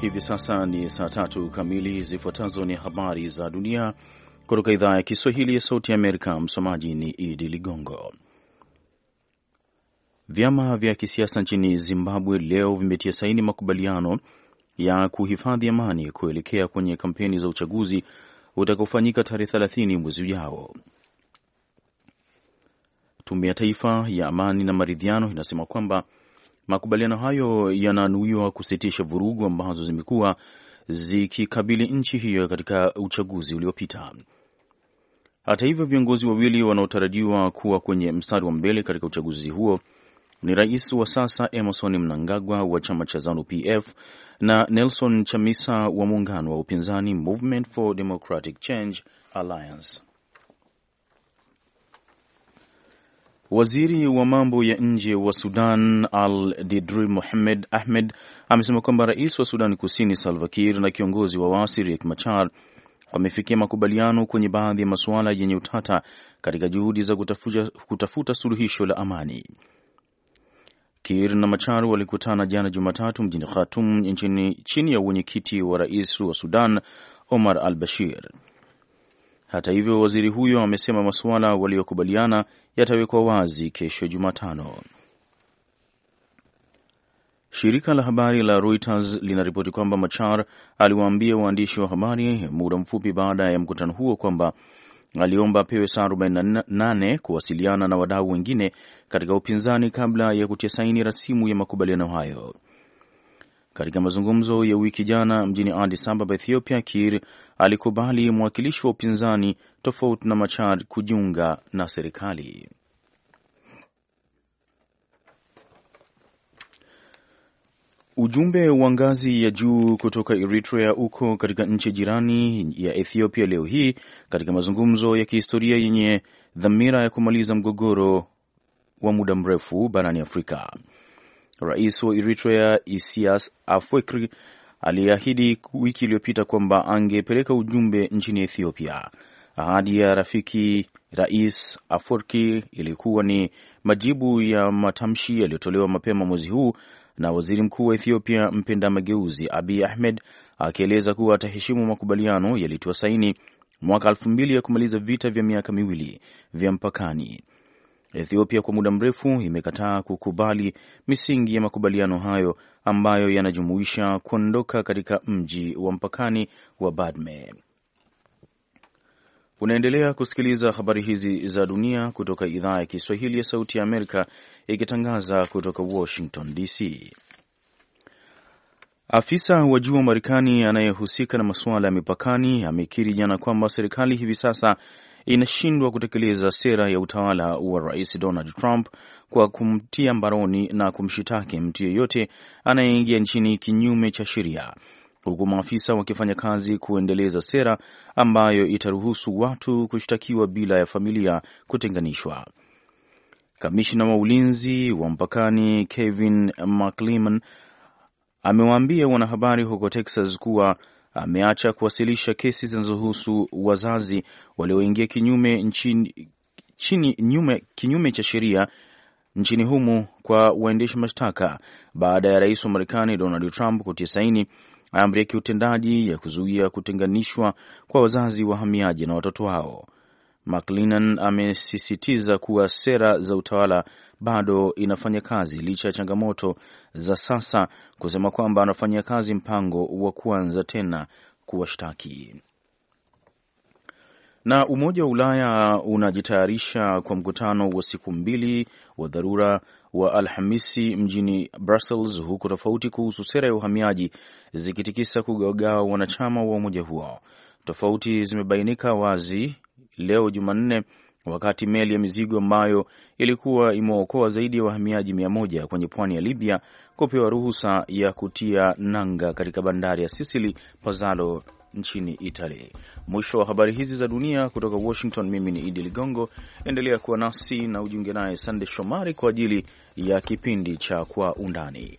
Hivi sasa ni saa tatu kamili. Zifuatazo ni habari za dunia kutoka idhaa ya Kiswahili ya Sauti ya Amerika. Msomaji ni Idi Ligongo. Vyama vya kisiasa nchini Zimbabwe leo vimetia saini makubaliano ya kuhifadhi amani kuelekea kwenye kampeni za uchaguzi utakaofanyika tarehe 30 mwezi ujao. Tume ya Taifa ya Amani na Maridhiano inasema kwamba makubaliano hayo yananuiwa kusitisha vurugu ambazo zimekuwa zikikabili nchi hiyo katika uchaguzi uliopita. Hata hivyo, viongozi wawili wanaotarajiwa kuwa kwenye mstari wa mbele katika uchaguzi huo ni rais wa sasa Emerson Mnangagwa wa chama cha ZANU PF na Nelson Chamisa wa muungano wa upinzani Movement for Democratic Change Alliance. Waziri wa mambo ya nje wa Sudan Al Didri Mohamed Ahmed amesema kwamba rais wa Sudan Kusini Salva Kiir na kiongozi wa waasi Riek Machar wamefikia makubaliano kwenye baadhi ya masuala yenye utata katika juhudi za kutafuta, kutafuta suluhisho la amani. Kiir na Machar walikutana jana Jumatatu mjini Khartoum chini ya uwenyekiti wa rais wa Sudan Omar Al Bashir. Hata hivyo, waziri huyo amesema masuala waliokubaliana yatawekwa wazi kesho Jumatano. Shirika la habari la Reuters linaripoti kwamba Machar aliwaambia waandishi wa habari muda mfupi baada ya mkutano huo kwamba aliomba apewe saa 48 kuwasiliana na wadau wengine katika upinzani kabla ya kutia saini rasimu ya makubaliano hayo. Katika mazungumzo ya wiki jana mjini Addis Ababa, Ethiopia, kir alikubali mwakilishi wa upinzani tofauti na Machar kujiunga na serikali. Ujumbe wa ngazi ya juu kutoka Eritrea uko katika nchi jirani ya Ethiopia leo hii katika mazungumzo ya kihistoria yenye dhamira ya kumaliza mgogoro wa muda mrefu barani Afrika. Rais wa Eritrea isias Afwerki aliahidi wiki iliyopita kwamba angepeleka ujumbe nchini Ethiopia. Ahadi ya rafiki Rais Afwerki ilikuwa ni majibu ya matamshi yaliyotolewa mapema mwezi huu na waziri mkuu wa Ethiopia mpenda mageuzi Abiy Ahmed, akieleza kuwa ataheshimu makubaliano yalitiwa saini mwaka elfu mbili ya kumaliza vita vya miaka miwili vya mpakani. Ethiopia kwa muda mrefu imekataa kukubali misingi ya makubaliano hayo ambayo yanajumuisha kuondoka katika mji wa mpakani wa Badme. Unaendelea kusikiliza habari hizi za dunia kutoka idhaa ya Kiswahili ya Sauti ya Amerika ikitangaza kutoka Washington DC. Afisa wa juu wa Marekani anayehusika na masuala ya mipakani amekiri jana kwamba serikali hivi sasa inashindwa kutekeleza sera ya utawala wa Rais Donald Trump kwa kumtia mbaroni na kumshitaki mtu yeyote anayeingia nchini kinyume cha sheria, huku maafisa wakifanya kazi kuendeleza sera ambayo itaruhusu watu kushtakiwa bila ya familia kutenganishwa. kamishina wa ulinzi wa mpakani Kevin mclman amewaambia wanahabari huko Texas kuwa ameacha kuwasilisha kesi zinazohusu wazazi walioingia kinyume nchini, chini, nyume, kinyume cha sheria nchini humo kwa waendesha mashtaka baada ya rais wa Marekani Donald Trump kutia saini amri ya kiutendaji ya kuzuia kutenganishwa kwa wazazi wahamiaji na watoto wao. McLinan amesisitiza kuwa sera za utawala bado inafanya kazi licha ya changamoto za sasa, kusema kwamba anafanya kazi mpango wa kuanza tena kuwashtaki. Na Umoja wa Ulaya unajitayarisha kwa mkutano wa siku mbili wa dharura wa Alhamisi mjini Brussels, huku tofauti kuhusu sera ya uhamiaji zikitikisa kugawagawa wanachama wa umoja huo. Tofauti zimebainika wazi leo Jumanne, wakati meli ya mizigo ambayo ilikuwa imeokoa zaidi ya wahamiaji mia moja kwenye pwani ya Libya kupewa ruhusa ya kutia nanga katika bandari ya Sisili Pazalo nchini itali Mwisho wa habari hizi za dunia kutoka Washington. Mimi ni Idi Ligongo, endelea kuwa nasi na ujiunge naye Sande Shomari kwa ajili ya kipindi cha Kwa Undani.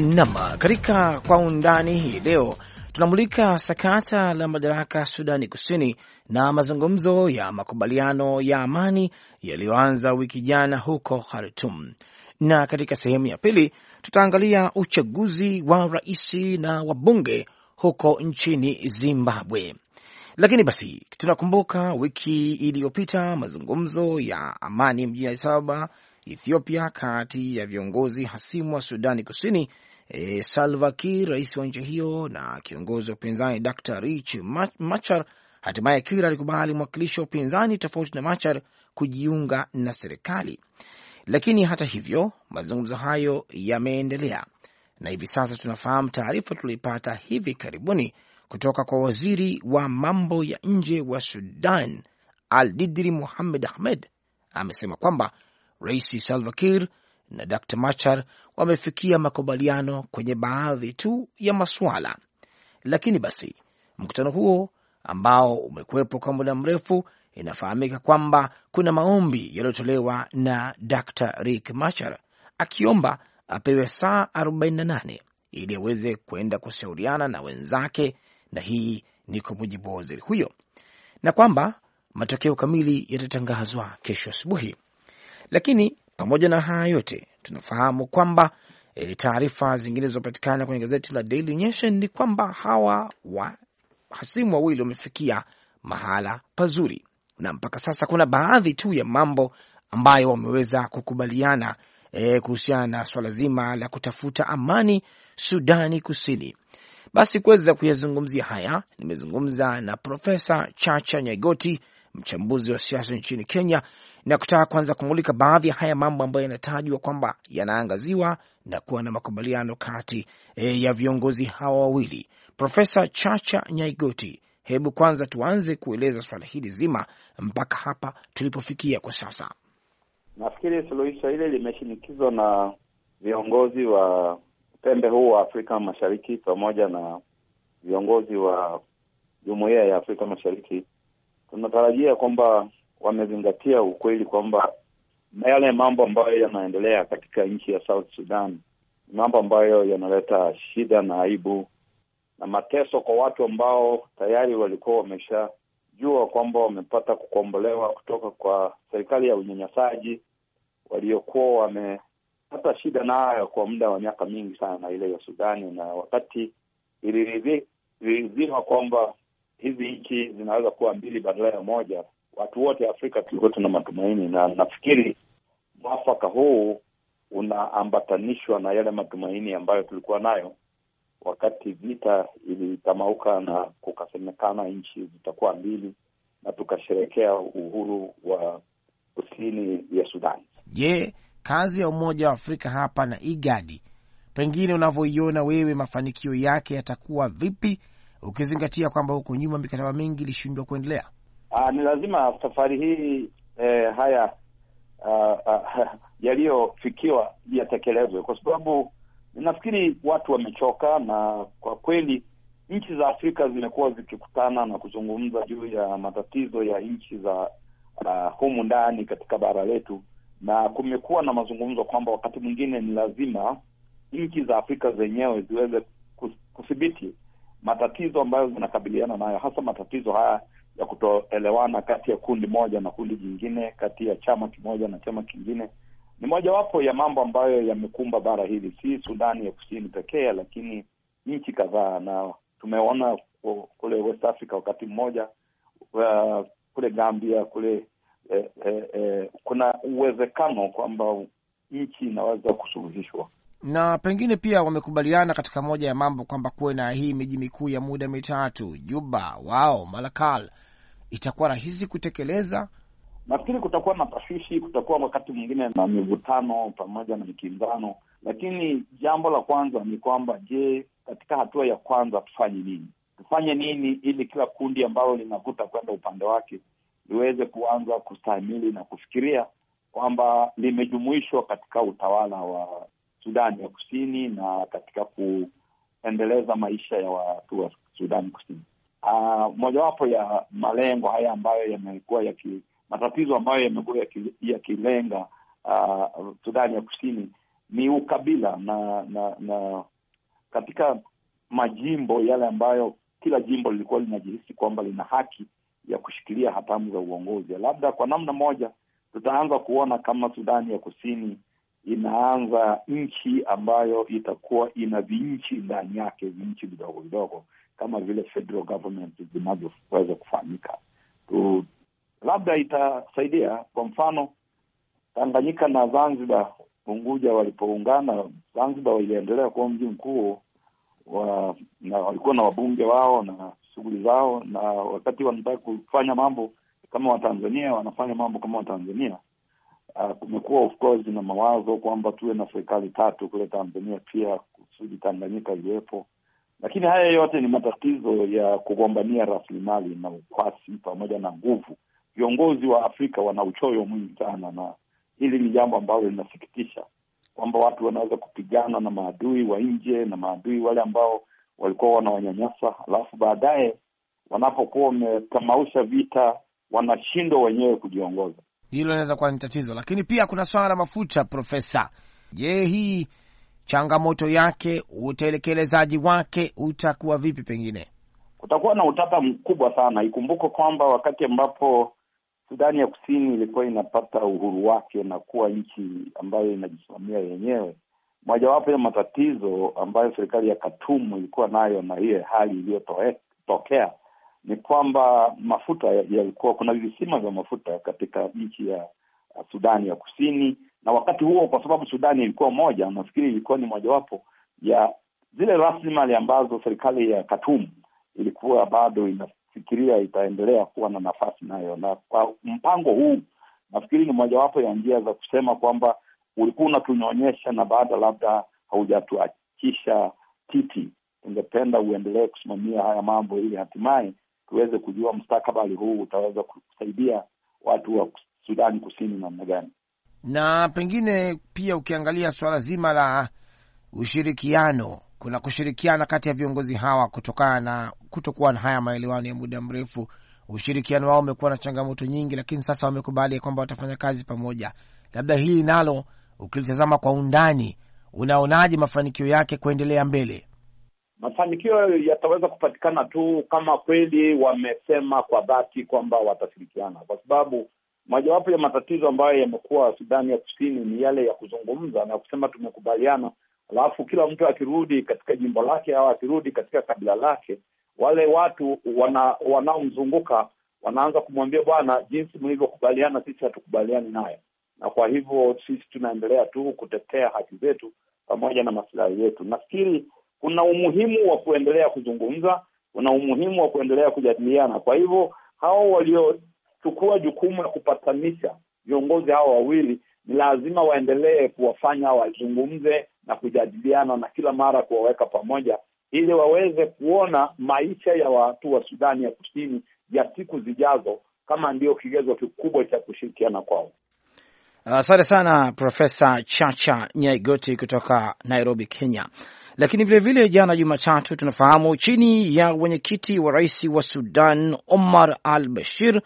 Nam, katika kwa undani hii leo tunamulika sakata la madaraka Sudani Kusini na mazungumzo ya makubaliano ya amani yaliyoanza wiki jana huko Khartum, na katika sehemu ya pili tutaangalia uchaguzi wa rais na wabunge huko nchini Zimbabwe. Lakini basi tunakumbuka wiki iliyopita mazungumzo ya amani mjini Addis Ababa Ethiopia kati ya viongozi hasimu wa Sudani Kusini, e, Salva Kiir, rais wa nchi hiyo, na kiongozi wa upinzani Dr Rich Machar. Hatimaye Kiir alikubali mwakilishi wa upinzani tofauti na Machar kujiunga na serikali, lakini hata hivyo mazungumzo hayo yameendelea, na hivi sasa tunafahamu taarifa tulioipata hivi karibuni kutoka kwa waziri wa mambo ya nje wa Sudan Al Didri Muhamed Ahmed amesema kwamba Rais Salva Kiir na Dr Machar wamefikia makubaliano kwenye baadhi tu ya masuala, lakini basi mkutano huo ambao umekuwepo kwa muda mrefu, inafahamika kwamba kuna maombi yaliyotolewa na Dr rik Machar akiomba apewe saa 48 ili aweze kwenda kushauriana na wenzake, na hii ni kwa mujibu wa waziri huyo, na kwamba matokeo kamili yatatangazwa kesho asubuhi. Lakini pamoja na haya yote tunafahamu kwamba e, taarifa zingine zilizopatikana kwenye gazeti la Daily Nation ni kwamba hawa wahasimu wawili wamefikia mahala pazuri, na mpaka sasa kuna baadhi tu ya mambo ambayo wameweza kukubaliana e, kuhusiana na swala zima la kutafuta amani Sudani Kusini. Basi kuweza kuyazungumzia haya nimezungumza na Profesa Chacha Nyagoti mchambuzi wa siasa nchini Kenya, na kutaka kwanza kumulika baadhi ya haya mambo ambayo yanatajwa kwamba yanaangaziwa na kuwa na makubaliano kati e, ya viongozi hawa wawili. Profesa Chacha Nyaigoti, hebu kwanza tuanze kueleza swala hili zima mpaka hapa tulipofikia kwa sasa. Nafikiri suluhisho hili limeshinikizwa na viongozi wa upembe huu wa Afrika Mashariki pamoja na viongozi wa Jumuiya ya Afrika Mashariki tunatarajia kwamba wamezingatia ukweli kwamba yale mambo ambayo yanaendelea katika nchi ya South Sudan mambo ambayo yanaleta shida na aibu na mateso kwa watu ambao tayari walikuwa wameshajua kwamba wamepata kukombolewa kutoka kwa serikali ya unyanyasaji waliokuwa wamepata shida nayo kwa muda wa miaka mingi sana, ile ya Sudani. Na wakati iliridhiwa kwamba hizi nchi zinaweza kuwa mbili badala ya moja, watu wote Afrika tulikuwa tuna matumaini, na nafikiri mwafaka huu unaambatanishwa na yale matumaini ambayo tulikuwa nayo wakati vita ilitamauka na kukasemekana nchi zitakuwa mbili na tukasherekea uhuru wa kusini ya Sudani. Je, kazi ya Umoja wa Afrika hapa na IGADI, pengine unavyoiona wewe, mafanikio yake yatakuwa vipi ukizingatia kwamba huko nyuma mikataba mingi ilishindwa kuendelea? Aa, ah, ni lazima safari hii eh, haya ah, ah, yaliyofikiwa yatekelezwe, kwa sababu nafikiri watu wamechoka, na kwa kweli nchi za Afrika zimekuwa zikikutana na kuzungumza juu ya matatizo ya nchi za uh, humu ndani katika bara letu, na kumekuwa na mazungumzo kwamba wakati mwingine ni lazima nchi za Afrika zenyewe ziweze kudhibiti matatizo ambayo zinakabiliana nayo, hasa matatizo haya ya kutoelewana kati ya kundi moja na kundi jingine, kati ya chama kimoja na chama kingine, ni mojawapo ya mambo ambayo yamekumba bara hili, si Sudani ya Kusini pekee, lakini nchi kadhaa, na tumeona kule West Africa wakati mmoja, uh, kule Gambia, kule eh, eh, eh, kuna uwezekano kwamba nchi inaweza kusuluhishwa na pengine pia wamekubaliana katika moja ya mambo kwamba kuwe na hii miji mikuu ya muda mitatu, Juba, wao Malakal, itakuwa rahisi kutekeleza. Nafikiri kutakuwa na tashwishi, kutakuwa wakati mwingine na mivutano pamoja na mikinzano, lakini jambo la kwanza ni kwamba, je, katika hatua ya kwanza tufanye nini? Tufanye nini ili kila kundi ambalo linavuta kwenda upande wake liweze kuanza kustahimili na kufikiria kwamba limejumuishwa katika utawala wa Sudani ya Kusini na katika kuendeleza maisha ya watu wa Sudani Kusini. Uh, mojawapo ya malengo haya ambayo yamekuwa yaki matatizo ambayo yamekuwa yakilenga uh, Sudani ya Kusini ni ukabila na na na katika majimbo yale ambayo kila jimbo lilikuwa linajihisi kwamba lina haki ya kushikilia hatamu za uongozi. Labda kwa namna moja tutaanza kuona kama Sudani ya Kusini inaanza nchi ambayo itakuwa ina vinchi ndani yake, vinchi vidogo vidogo kama vile federal government zinavyoweza kufanyika tu, labda itasaidia. Kwa mfano Tanganyika na Zanzibar, Unguja walipoungana, Zanzibar waliendelea kuwa mji mkuu wa, na walikuwa na wabunge wao na shughuli zao, na wakati wanataka kufanya mambo kama Watanzania wanafanya mambo kama Watanzania Uh, kumekuwa of course na mawazo kwamba tuwe na serikali tatu kule Tanzania pia kusudi Tanganyika iwepo, lakini haya yote ni matatizo ya kugombania rasilimali na ukwasi pamoja na nguvu. Viongozi wa Afrika wana uchoyo mwingi sana, na hili ni jambo ambalo linasikitisha kwamba watu wanaweza kupigana na maadui wa nje na maadui wale ambao walikuwa wanawanyanyasa, alafu baadaye wanapokuwa wametamausha vita wanashindwa wenyewe kujiongoza hilo linaweza kuwa ni tatizo, lakini pia kuna swala la mafuta. Profesa, je, hii changamoto yake, utekelezaji wake utakuwa vipi? Pengine kutakuwa na utata mkubwa sana. Ikumbuko kwamba wakati ambapo Sudani ya Kusini ilikuwa inapata uhuru wake na kuwa nchi ambayo inajisimamia yenyewe, mojawapo ya matatizo ambayo serikali ya Katumu ilikuwa nayo na hiyo hali iliyotokea ni kwamba mafuta yalikuwa, kuna visima vya mafuta katika nchi ya Sudani ya Kusini, na wakati huo, kwa sababu Sudani ilikuwa moja, nafikiri ilikuwa ni mojawapo ya zile rasilimali ambazo serikali ya katum ilikuwa bado inafikiria itaendelea kuwa na nafasi nayo, na kwa mpango huu nafikiri ni mojawapo ya njia za kusema kwamba ulikuwa unatunyonyesha na baada labda haujatuachisha titi, ungependa uendelee kusimamia haya mambo ili hatimaye tuweze kujua mustakabali huu utaweza kusaidia watu wa Sudani Kusini namna gani, na pengine pia ukiangalia suala zima la ushirikiano, kuna kushirikiana kati ya viongozi hawa kutokana na kutokuwa na haya maelewano ya muda mrefu. Ushirikiano wao umekuwa na changamoto nyingi, lakini sasa wamekubali kwamba watafanya kazi pamoja. Labda hili nalo ukilitazama kwa undani, unaonaje mafanikio yake kuendelea mbele? Mafanikio yataweza kupatikana tu kama kweli wamesema kwa dhati kwamba watashirikiana, kwa sababu mojawapo ya matatizo ambayo yamekuwa Sudani ya Kusini ni yale ya kuzungumza na kusema tumekubaliana, alafu kila mtu akirudi katika jimbo lake au akirudi katika kabila lake, wale watu wana, wanaomzunguka wanaanza kumwambia bwana, jinsi mlivyokubaliana sisi hatukubaliani nayo, na kwa hivyo sisi tunaendelea tu kutetea haki zetu pamoja na masilahi yetu. Nafikiri kuna umuhimu wa kuendelea kuzungumza, kuna umuhimu wa kuendelea kujadiliana. Kwa hivyo hao waliochukua jukumu la kupatanisha viongozi hao wawili ni lazima waendelee kuwafanya wazungumze na kujadiliana na kila mara kuwaweka pamoja, ili waweze kuona maisha ya watu wa Sudani ya Kusini ya siku zijazo kama ndiyo kigezo kikubwa cha kushirikiana kwao. Asante sana Profesa Chacha Nyaigoti kutoka Nairobi, Kenya. Lakini vilevile vile jana Jumatatu, tunafahamu chini ya wenyekiti wa rais wa Sudan Omar al Bashir,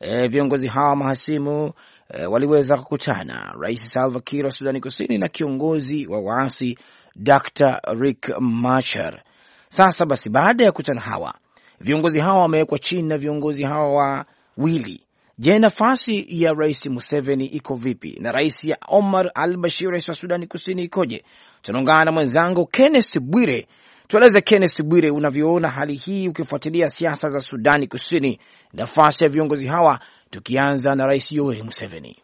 e, viongozi hawa mahasimu e, waliweza kukutana, Rais Salva Kiir wa Sudani Kusini na kiongozi wa waasi Dr rik Machar. Sasa basi, baada ya kukutana hawa viongozi hawa wamewekwa chini na viongozi hawa wawili Je, nafasi ya Rais Museveni iko vipi na rais ya Omar al Bashir, rais wa Sudani Kusini, ikoje? Tunaungana na mwenzangu Kennes Bwire. Tueleze Kennes Bwire, unavyoona hali hii ukifuatilia siasa za Sudani Kusini, nafasi ya viongozi hawa, tukianza na Rais Yoweri Museveni.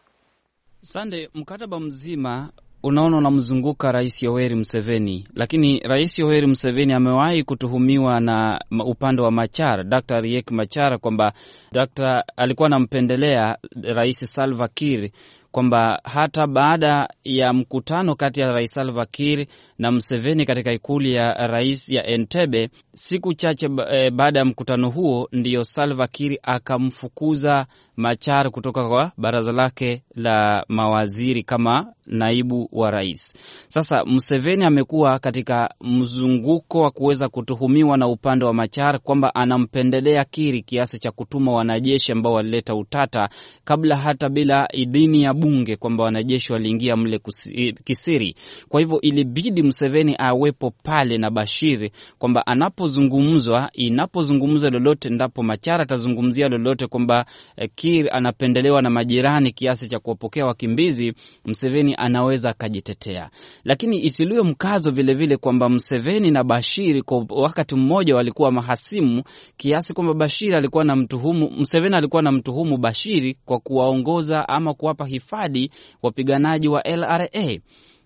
Sande, mkataba mzima unaona unamzunguka Rais Yoweri Museveni, lakini Rais Yoweri Museveni amewahi kutuhumiwa na upande wa Machar, Dr. Riek Machar, kwamba Dr. alikuwa anampendelea Rais Salva Kiir kwamba hata baada ya mkutano kati ya Rais Salva Kiir na Mseveni katika ikulu ya rais ya Entebbe. Siku chache eh, baada ya mkutano huo, ndiyo Salva Kiir akamfukuza Machar kutoka kwa baraza lake la mawaziri kama naibu wa rais. Sasa Mseveni amekuwa katika mzunguko wa kuweza kutuhumiwa na upande wa Machar kwamba anampendelea Kiri kiasi cha kutuma wanajeshi ambao walileta utata kabla hata bila idhini ya bunge kwamba wanajeshi waliingia mle eh, kisiri. Kwa hivyo ilibidi Museveni awepo pale na Bashiri, kwamba anapozungumzwa, inapozungumzwa lolote, ndapo Machara atazungumzia lolote, kwamba eh, Kir anapendelewa na majirani kiasi cha kuwapokea wakimbizi, Museveni anaweza akajitetea. Lakini isiliwe mkazo vilevile kwamba Museveni na Bashiri kwa wakati mmoja walikuwa mahasimu kiasi kwamba Bashiri alikuwa na mtuhumu, Museveni alikuwa na mtuhumu Bashiri kwa kuwaongoza ama kuwapa hifadhi wapiganaji wa LRA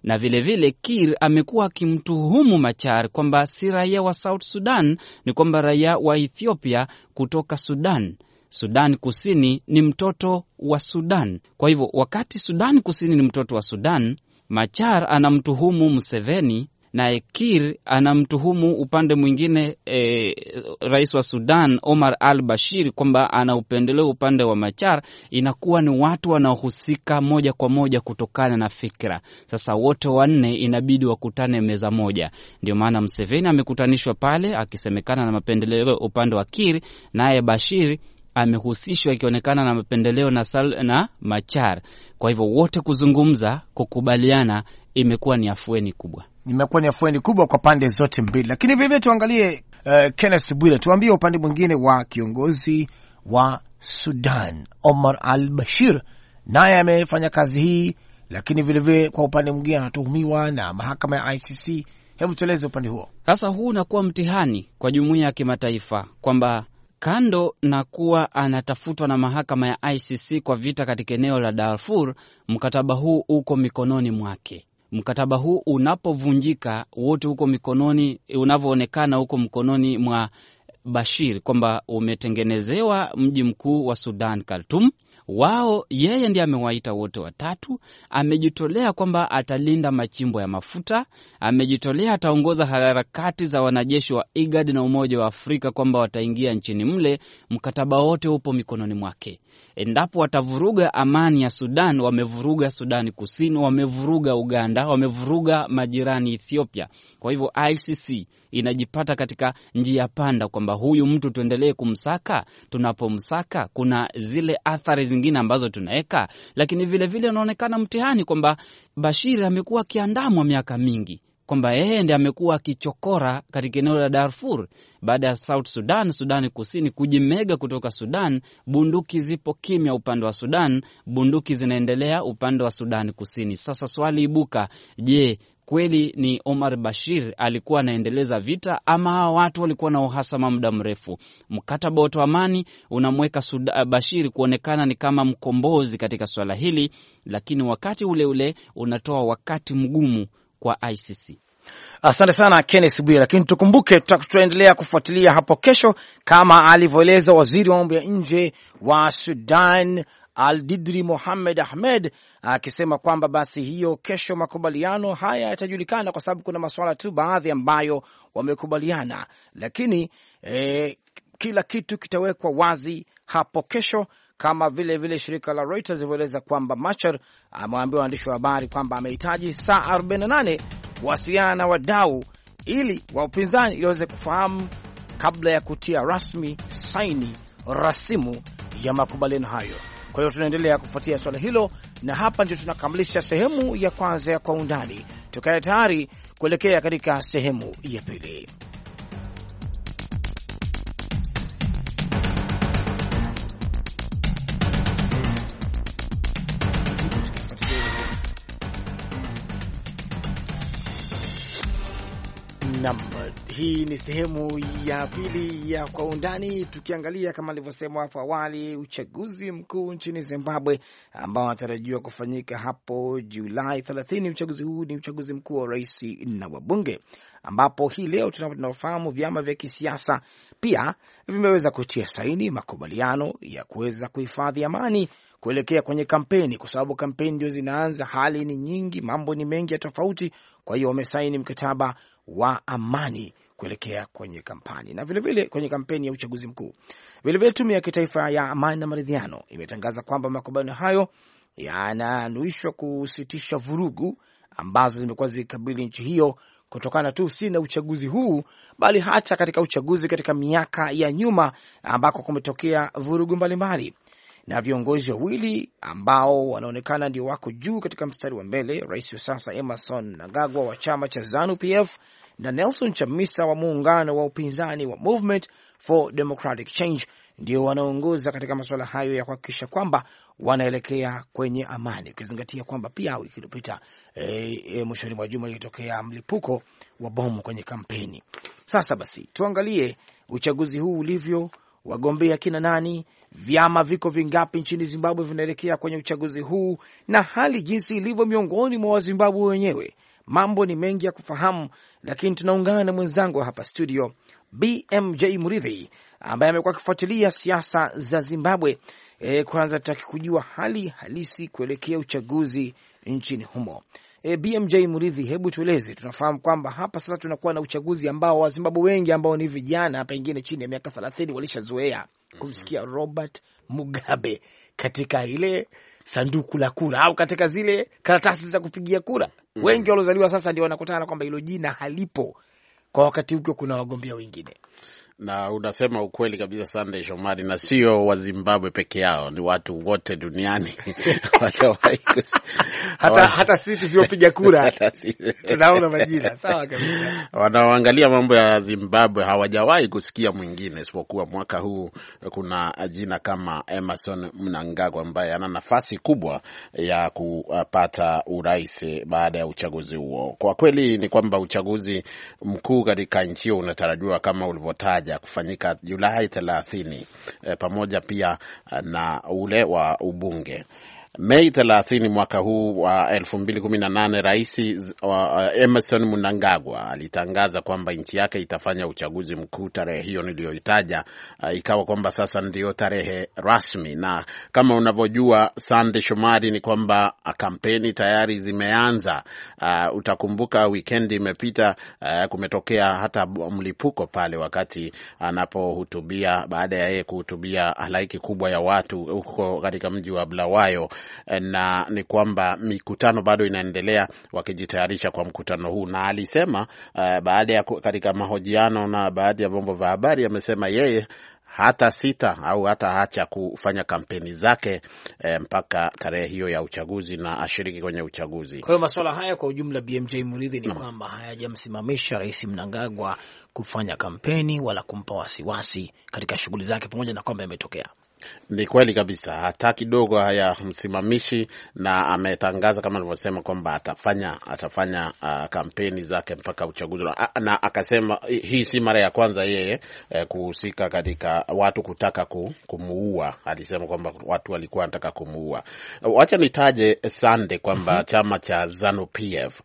na vilevile vile Kir amekuwa akimtuhumu Machar kwamba si raia wa South Sudan, ni kwamba raia wa Ethiopia kutoka Sudan. Sudan Kusini ni mtoto wa Sudan. Kwa hivyo wakati Sudan Kusini ni mtoto wa Sudan, Machar anamtuhumu Museveni Naye Kir anamtuhumu upande mwingine e, rais wa Sudan Omar al Bashir kwamba anaupendelea upande wa Machar. Inakuwa ni watu wanaohusika moja kwa moja kutokana na fikra. Sasa wote wanne inabidi wakutane meza moja, ndio maana Mseveni amekutanishwa pale akisemekana na mapendeleo upande wa Kir, naye Bashir amehusishwa ikionekana na mapendeleo na, sal, na Machar. Kwa hivyo wote kuzungumza, kukubaliana, imekuwa ni afueni kubwa imekuwa ni afueni kubwa kwa pande zote mbili, lakini vilevile tuangalie uh, Kenneth Bwire, tuambie upande mwingine wa kiongozi wa Sudan Omar al Bashir, naye amefanya kazi hii, lakini vilevile kwa upande mwingine anatuhumiwa na mahakama ya ICC. Hebu tueleze upande huo sasa. Huu unakuwa mtihani kwa jumuiya ya kimataifa kwamba kando na kuwa anatafutwa na mahakama ya ICC kwa vita katika eneo la Darfur, mkataba huu uko mikononi mwake mkataba huu unapovunjika wote huko mikononi, eh, unavyoonekana huko mkononi mwa Bashir kwamba umetengenezewa mji mkuu wa Sudan Khartoum wao, yeye ndiye amewaita wote watatu. Amejitolea kwamba atalinda machimbo ya mafuta, amejitolea ataongoza harakati za wanajeshi wa IGAD na Umoja wa Afrika kwamba wataingia nchini mle. Mkataba wote upo mikononi mwake. Endapo watavuruga amani ya Sudan, wamevuruga Sudani Kusini, wamevuruga Uganda, wamevuruga majirani Ethiopia. Kwa hivyo ICC inajipata katika njia panda kwamba huyu mtu tuendelee kumsaka, tunapomsaka kuna zile athari zingine ambazo tunaweka, lakini vilevile unaonekana mtihani kwamba Bashir amekuwa akiandamwa miaka mingi kwamba yeye ndi amekuwa akichokora katika eneo la Darfur baada ya South Sudan, Sudani Kusini kujimega kutoka Sudan. Bunduki zipo kimya upande wa Sudan, bunduki zinaendelea upande wa Sudani Kusini. Sasa swali ibuka, je, kweli ni Omar Bashir alikuwa anaendeleza vita ama hawa watu walikuwa na uhasama muda mrefu? Mkataba wote wa amani unamweka eh, Bashir kuonekana ni kama mkombozi katika swala hili, lakini wakati uleule ule unatoa wakati mgumu kwa ICC. Asante sana Kennes Bwire, lakini tukumbuke, tutaendelea kufuatilia hapo kesho, kama alivyoeleza waziri wa mambo ya nje wa Sudan Al Didri Mohamed Ahmed akisema kwamba basi hiyo kesho makubaliano haya yatajulikana, kwa sababu kuna masuala tu baadhi ambayo wamekubaliana, lakini e, kila kitu kitawekwa wazi hapo kesho kama vile vile shirika la Reuters ilivyoeleza kwamba Machar amewaambia waandishi wa habari kwamba amehitaji saa 48 kuwasiliana na wadau ili wa upinzani ili waweze kufahamu kabla ya kutia rasmi saini rasimu ya makubaliano hayo. Kwa hiyo tunaendelea kufuatia swala hilo, na hapa ndio tunakamilisha sehemu ya kwanza ya Kwa Undani. Tukaye tayari kuelekea katika sehemu ya pili. Nam, hii ni sehemu ya pili ya kwa undani, tukiangalia kama alivyosema hapo awali uchaguzi mkuu nchini Zimbabwe ambao anatarajiwa kufanyika hapo Julai 30. Uchaguzi huu ni uchaguzi mkuu wa rais na wabunge, ambapo hii leo tunaofahamu vyama vya kisiasa pia vimeweza kutia saini makubaliano ya kuweza kuhifadhi amani kuelekea kwenye kampeni, kwa sababu kampeni ndio zinaanza. Hali ni nyingi, mambo ni mengi ya tofauti, kwa hiyo wamesaini mkataba wa amani kuelekea kwenye kampani na vilevile vile kwenye kampeni ya uchaguzi mkuu. Vilevile tume ya kitaifa ya amani na maridhiano imetangaza kwamba makubaliano hayo yananuishwa kusitisha vurugu ambazo zimekuwa zikikabili nchi hiyo kutokana tu si na uchaguzi huu, bali hata katika uchaguzi katika miaka ya nyuma ambako kumetokea vurugu mbalimbali na viongozi wawili ambao wanaonekana ndio wako juu katika mstari wa mbele, rais wa sasa Emerson Nagagwa wa chama cha ZANU-PF na Nelson Chamisa wa muungano wa upinzani wa Movement for Democratic Change ndio wanaongoza katika masuala hayo ya kuhakikisha kwamba wanaelekea kwenye amani, ukizingatia kwamba pia wiki iliyopita e, e, mwishoni mwa juma ilitokea mlipuko wa bomu kwenye kampeni. Sasa basi tuangalie uchaguzi huu ulivyo wagombea kina nani, vyama viko vingapi nchini Zimbabwe vinaelekea kwenye uchaguzi huu, na hali jinsi ilivyo miongoni mwa Wazimbabwe wenyewe. Mambo ni mengi ya kufahamu, lakini tunaungana na mwenzangu hapa studio BMJ mridhi ambaye amekuwa akifuatilia siasa za Zimbabwe. E, kwanza tutaki kujua hali halisi kuelekea uchaguzi nchini humo. E, BMJ Muridhi, hebu tueleze, tunafahamu kwamba hapa sasa tunakuwa na uchaguzi ambao Wazimbabwe wengi ambao ni vijana pengine chini ya miaka thelathini walishazoea mhm. kumsikia mm -hmm. Robert Mugabe katika ile sanduku la kura au katika zile karatasi za kupigia kura mm -hmm. Wengi waliozaliwa sasa ndio wanakutana kwamba hilo jina halipo kwa wakati huko kuna wagombea wengine na unasema ukweli kabisa, Sandey Shomari, na sio Wazimbabwe peke yao, ni watu wote duniani hata, hata sisi tusiopiga kura tunaona majina sawa kabisa. Wanaoangalia mambo ya Zimbabwe hawajawahi kusikia mwingine isipokuwa mwaka huu kuna jina kama Emerson Mnangagwa ambaye ana nafasi kubwa ya kupata urais baada ya uchaguzi huo. Kwa kweli ni kwamba uchaguzi mkuu katika nchi hiyo unatarajiwa kama ulivyotaja moja kufanyika Julai thelathini, eh, pamoja pia eh, na ule wa ubunge. Mei 30 mwaka huu wa 2018, Rais uh, uh, Emerson Mnangagwa alitangaza kwamba nchi yake itafanya uchaguzi mkuu tarehe hiyo niliyoitaja, uh, ikawa kwamba sasa ndiyo tarehe rasmi. Na kama unavyojua Sande Shomari, ni kwamba kampeni tayari zimeanza. Uh, utakumbuka wikendi imepita, uh, kumetokea hata mlipuko pale wakati anapohutubia, baada ya yeye kuhutubia halaiki kubwa ya watu huko katika mji wa Blawayo Eh, na ni kwamba mikutano bado inaendelea wakijitayarisha kwa mkutano huu, na alisema uh, baada ya katika mahojiano na baadhi ya vyombo vya habari amesema yeye hata sita au hata hacha kufanya kampeni zake e, mpaka tarehe hiyo ya uchaguzi na ashiriki kwenye uchaguzi. Kwa hiyo masuala haya kwa ujumla, BMJ Muridhi, ni kwamba hayajamsimamisha Rais Mnangagwa kufanya kampeni wala kumpa wasiwasi katika shughuli zake, pamoja na kwamba yametokea ni kweli kabisa, hata kidogo hayamsimamishi, na ametangaza kama alivyosema kwamba atafanya atafanya uh, kampeni zake mpaka uchaguzi, na akasema hii si mara ya kwanza yeye eh, kuhusika katika watu kutaka kumuua. Alisema kwamba watu walikuwa wanataka kumuua. Wacha nitaje Sande kwamba mm -hmm. chama cha Zanu PF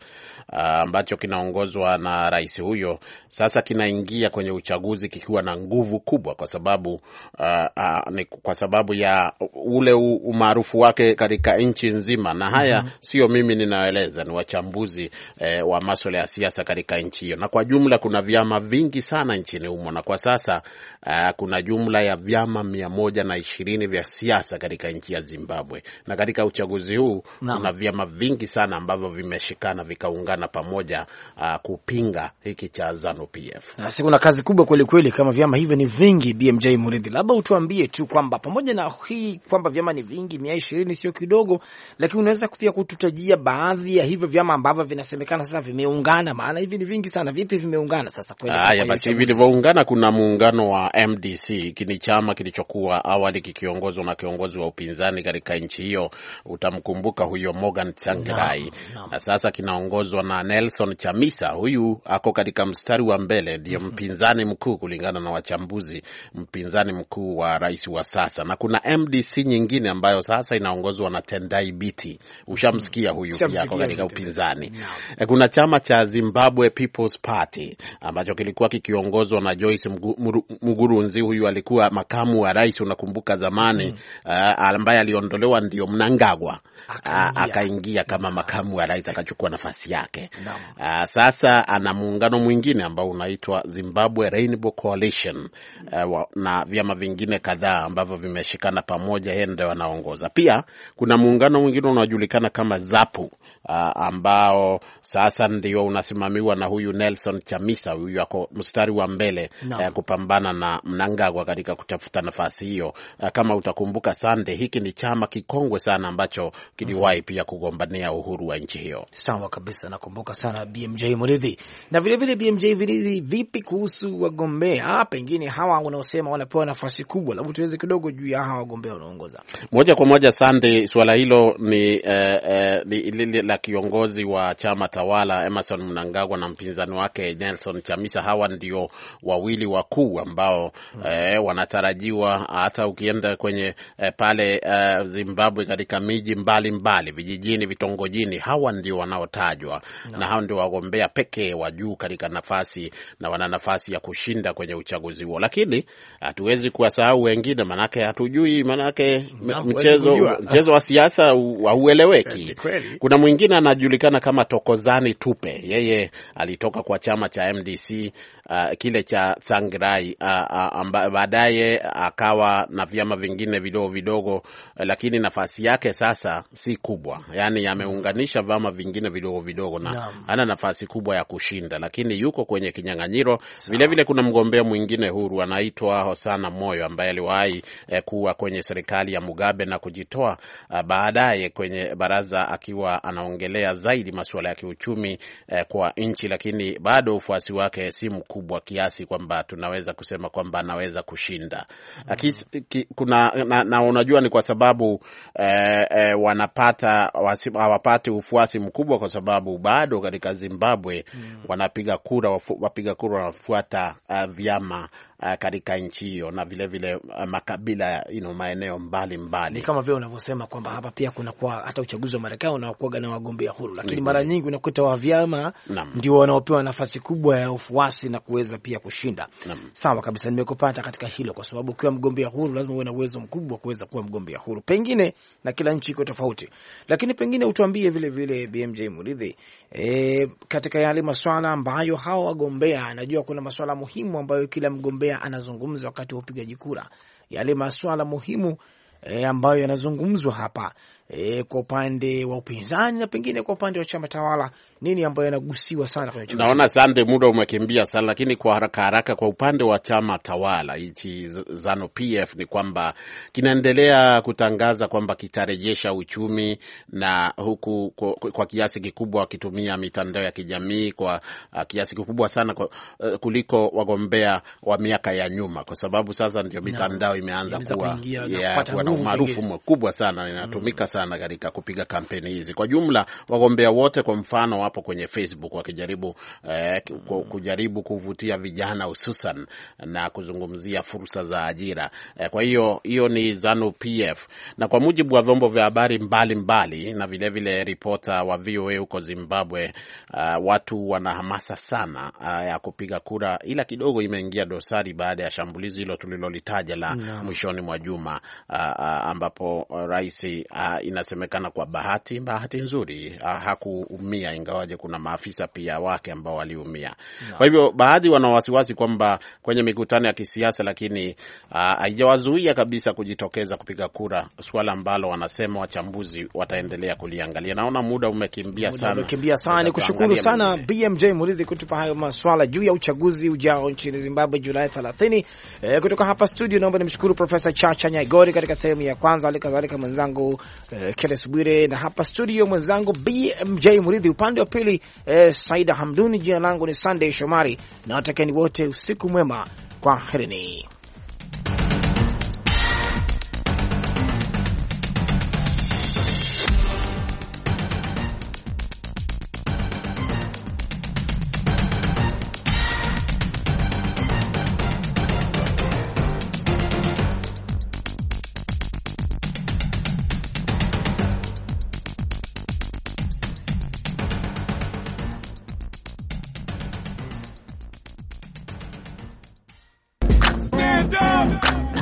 Uh, ambacho uh, kinaongozwa na rais huyo sasa kinaingia kwenye uchaguzi kikiwa na nguvu kubwa, kwa sababu uh, uh, ni kwa sababu ya ule umaarufu wake katika nchi nzima. Na haya mm -hmm. sio mimi ninaeleza, ni wachambuzi eh, wa maswala ya siasa katika nchi hiyo, na kwa jumla kuna vyama vingi sana nchini humo, na kwa sasa uh, kuna jumla ya vyama mia moja na ishirini vya siasa katika nchi ya Zimbabwe, na katika uchaguzi huu kuna vyama vingi sana ambavyo vimeshikana vikaungana kuungana pamoja uh, kupinga hiki cha Zanu PF. Nasi kuna kazi kubwa kweli kweli, kama vyama hivyo ni vingi. BMJ Muridhi, labda utuambie tu kwamba pamoja na hii kwamba vyama ni vingi, mia ishirini sio kidogo, lakini unaweza pia kututajia baadhi ya hivyo vyama ambavyo vinasemekana sasa vimeungana, maana hivi ni vingi sana. Vipi vimeungana sasa? Haya basi, hivi vilivyoungana, kuna muungano wa MDC, kini ni chama kilichokuwa awali kikiongozwa na kiongozi wa upinzani katika nchi hiyo, utamkumbuka huyo Morgan Tsvangirai, na sasa kinaongozwa na Nelson Chamisa. Huyu ako katika mstari wa mbele, ndio mhm. mpinzani mkuu kulingana na wachambuzi, mpinzani mkuu wa rais wa sasa, na kuna MDC nyingine ambayo sasa inaongozwa na Tendai Biti. Ushamsikia huyu pia ako katika upinzani. E, kuna chama cha Zimbabwe People's Party ambacho kilikuwa kikiongozwa na Joyce Mugurunzi. Huyu alikuwa makamu wa rais, unakumbuka zamani mm. Uh, ambaye aliondolewa ndio Mnangagwa akaingia kama makamu wa rais akachukua nafasi yake wake uh, ah, sasa ana muungano mwingine ambao unaitwa Zimbabwe Rainbow Coalition uh, na vyama vingine kadhaa ambavyo vimeshikana pamoja, yeye ndio anaongoza. Pia kuna muungano mwingine unaojulikana kama ZAPU uh, ambao sasa ndio unasimamiwa na huyu Nelson Chamisa, huyu ako mstari wa mbele no. uh, eh, kupambana na Mnangagwa katika kutafuta nafasi hiyo. Uh, kama utakumbuka Sande, hiki ni chama kikongwe sana ambacho kiliwahi mm -hmm. pia kugombania uhuru wa nchi hiyo. Sawa kabisa na Nakumbuka sana BMJ Muridhi na vilevile vile BMJ Muridhi, vipi kuhusu wagombea ah, pengine hawa unaosema wanapewa nafasi kubwa, labda tuweze kidogo juu ya hawa wagombea wanaongoza moja kwa moja. Sande, suala hilo ni eh, eh, la kiongozi wa chama tawala Emerson Mnangagwa na mpinzani wake Nelson Chamisa. Hawa ndio wawili wakuu ambao hmm, eh, wanatarajiwa hata ukienda kwenye eh, pale eh, Zimbabwe katika miji mbalimbali mbali, vijijini, vitongojini, hawa ndio wanaotajwa no. na hao ndio wagombea pekee wa juu katika nafasi na wana nafasi ya kushinda kwenye uchaguzi huo, lakini hatuwezi kuwasahau wengine, manake hatujui, manake mchezo mchezo wa siasa haueleweki. Kuna mwingine anajulikana kama Tokozani Tupe, yeye alitoka kwa chama cha MDC Uh, kile cha Tsvangirai uh, uh, baadaye akawa na vyama vingine vidogo vidogo, lakini nafasi yake sasa si kubwa, yani ameunganisha vyama vingine vidogo vidogo na ana nafasi kubwa ya kushinda, lakini yuko kwenye kinyang'anyiro. Vilevile kuna mgombea mwingine huru anaitwa Hosana Moyo ambaye aliwahi eh, kuwa kwenye serikali ya Mugabe na kujitoa eh, baadaye kwenye baraza akiwa anaongelea zaidi masuala ya kiuchumi eh, kwa nchi, lakini bado ufuasi wake si mkubwa kiasi kwamba tunaweza kusema kwamba anaweza kushinda. Mm. Akis, ki, kuna, na, na unajua ni kwa sababu eh, eh, wanapata hawapati ufuasi mkubwa kwa sababu bado katika Zimbabwe mm. wanapiga kura, wapiga kura wanafuata uh, vyama uh, katika nchi hiyo na vilevile vile, uh, makabila you know, maeneo mbalimbali. kama vile unavyosema kwamba hapa pia kunakuwa hata uchaguzi wa Marekani unakuwaga na wagombea huru, lakini mara nyingi unakuta wa vyama ndio wanaopewa nafasi kubwa ya ufuasi na kuweza pia kushinda. Sawa kabisa, nimekupata katika hilo, kwa sababu ukiwa mgombea huru lazima uwe na uwezo mkubwa wa kuweza kuwa mgombea huru, pengine na kila nchi iko tofauti, lakini pengine utuambie vile vile BMJ Muridhi, e, katika yale maswala ambayo hawa wagombea, najua kuna maswala muhimu ambayo kila mgombea Mgombea anazungumza wakati wa upigaji kura, yale maswala muhimu e, ambayo yanazungumzwa hapa e, kwa upande wa upinzani na pengine kwa upande wa chama tawala, nini ambayo yanagusiwa sana kwenye chama? Naona sande, muda umekimbia sana, lakini kwa haraka haraka, kwa upande wa chama tawala hichi Zanu PF ni kwamba kinaendelea kutangaza kwamba kitarejesha uchumi na huku kwa, kwa kiasi kikubwa wakitumia mitandao ya kijamii kwa uh, kiasi kikubwa sana kwa, uh, kuliko wagombea wa miaka ya nyuma, kwa sababu sasa ndio mitandao imeanza kuwa na umaarufu mkubwa sana mm. inatumika mm sana katika kupiga kampeni hizi. Kwa jumla, wagombea wote kwa mfano wapo kwenye Facebook wakijaribu eh, kujaribu kuvutia vijana hususan na kuzungumzia fursa za ajira eh, kwa hiyo hiyo ni Zanu PF, na kwa mujibu wa vyombo vya habari mbalimbali na vilevile vile ripota wa VOA huko Zimbabwe, uh, watu wana hamasa sana uh, ya kupiga kura, ila kidogo imeingia dosari baada ya shambulizi hilo tulilolitaja la no. mwishoni mwa juma uh, uh, ambapo rais uh, inasemekana kwa bahati bahati nzuri ah, hakuumia, ingawaje kuna maafisa pia wake ambao waliumia no. Kwa hivyo baadhi wana wasiwasi kwamba kwenye mikutano ya kisiasa, lakini ah, haijawazuia kabisa kujitokeza kupiga kura, suala ambalo wanasema wachambuzi wataendelea kuliangalia. Naona muda umekimbia muda sana, umekimbia sana. Ni kushukuru sana BMJ Muridhi kutupa hayo maswala juu ya uchaguzi ujao nchini Zimbabwe Julai 30. E, eh, kutoka hapa studio naomba nimshukuru Profesa Chacha Nyaigori katika sehemu ya kwanza, hali kadhalika mwenzangu e, Eh, Kenneth Bwire na hapa studio mwenzangu BMJ Muridhi, upande wa pili eh, Saida Hamduni. Jina langu ni Sunday Shomari na watakieni wote usiku mwema, kwa kwaherini.